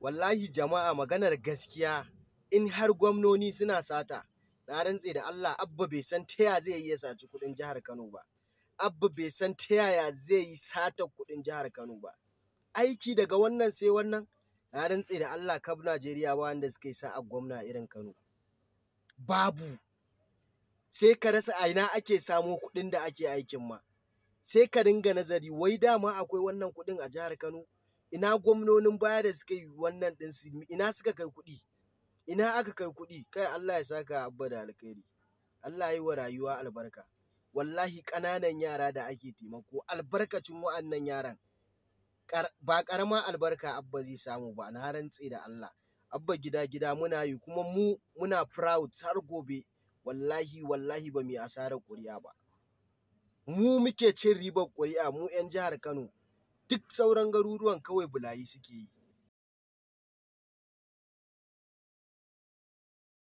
wallahi jama'a maganar gaskiya in har gwamnoni suna sata na rantse da Allah abba bai san ta yaya zai iya saci kuɗin jihar Kano ba abba bai san ta yaya zai yi sata kuɗin jihar Kano ba aiki daga wannan sai wannan na rantse da Allah kab Najeriya ba wanda suka yi sa'a gwamna irin Kano babu sai ka rasa a ina ake samo kuɗin da ake aikin ma sai ka dinga nazari wai dama akwai wannan kuɗin a jihar Kano ina gwamnonin baya da suka yi wannan ɗin su ina suka kai kuɗi ina aka kai kuɗi kai Allah ya saka abba da alkhairi Allah yi wa rayuwa albarka wallahi ƙananan yara da ake taimako albarkacin wa'annan yaran ba ƙarama albarka abba zai samu ba na rantse da Allah abba gida gida muna yi kuma mu muna proud har gobe wallahi wallahi ba mu yi asarar ƙuri'a ba mu muke cin ribar ƙuri'a mu 'yan jihar Kano duk sauran garuruwan kawai bulayi suke yi.